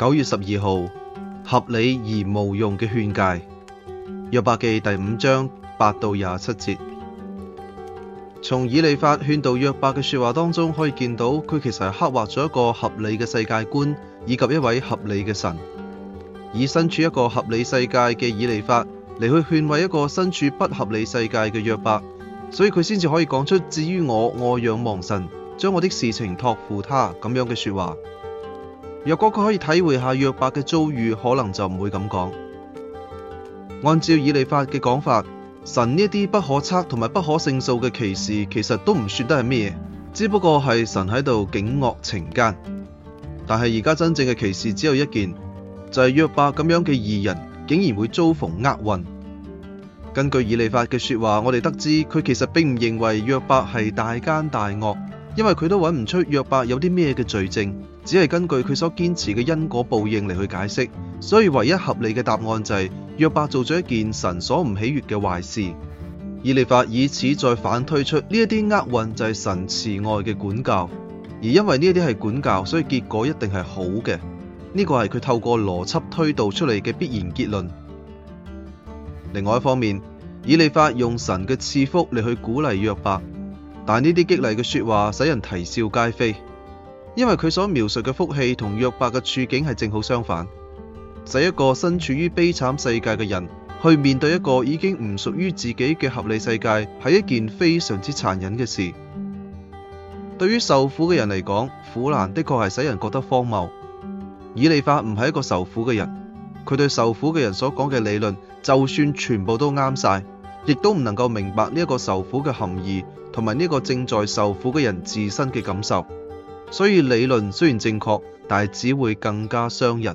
九月十二號，合理而無用嘅勸誡，約伯記第五章八到廿七節。從以利法勸導約伯嘅說話當中，可以見到佢其實係刻畫咗一個合理嘅世界觀，以及一位合理嘅神。以身處一個合理世界嘅以利法嚟，去勸慰一個身處不合理世界嘅約伯，所以佢先至可以講出，至於我，我仰望神，將我的事情託付他咁樣嘅說話。若果佢可以體會下約伯嘅遭遇，可能就唔會咁講。按照以利法嘅講法，神呢啲不可測同埋不可勝數嘅奇事，其實都唔算得係咩，只不過係神喺度警惡懲奸。但係而家真正嘅奇事只有一件，就係約伯咁樣嘅義人，竟然會遭逢厄運。根據以利法嘅説話，我哋得知佢其實並唔認為約伯係大奸大惡。因為佢都揾唔出約伯有啲咩嘅罪證，只係根據佢所堅持嘅因果報應嚟去解釋，所以唯一合理嘅答案就係、是、約伯做咗一件神所唔喜悅嘅壞事。以利法以此再反推出呢一啲厄運就係神慈愛嘅管教，而因為呢啲係管教，所以結果一定係好嘅。呢、這個係佢透過邏輯推導出嚟嘅必然結論。另外一方面，以利法用神嘅賜福嚟去鼓勵約伯。但呢啲激勵嘅説話使人啼笑皆非，因為佢所描述嘅福氣同約伯嘅處境係正好相反。使一個身處於悲慘世界嘅人去面對一個已經唔屬於自己嘅合理世界，係一件非常之殘忍嘅事。對於受苦嘅人嚟講，苦難的確係使人覺得荒謬。以利法唔係一個受苦嘅人，佢對受苦嘅人所講嘅理論，就算全部都啱晒，亦都唔能夠明白呢個受苦嘅含義，同埋呢個正在受苦嘅人自身嘅感受，所以理論雖然正確，但係只會更加傷人。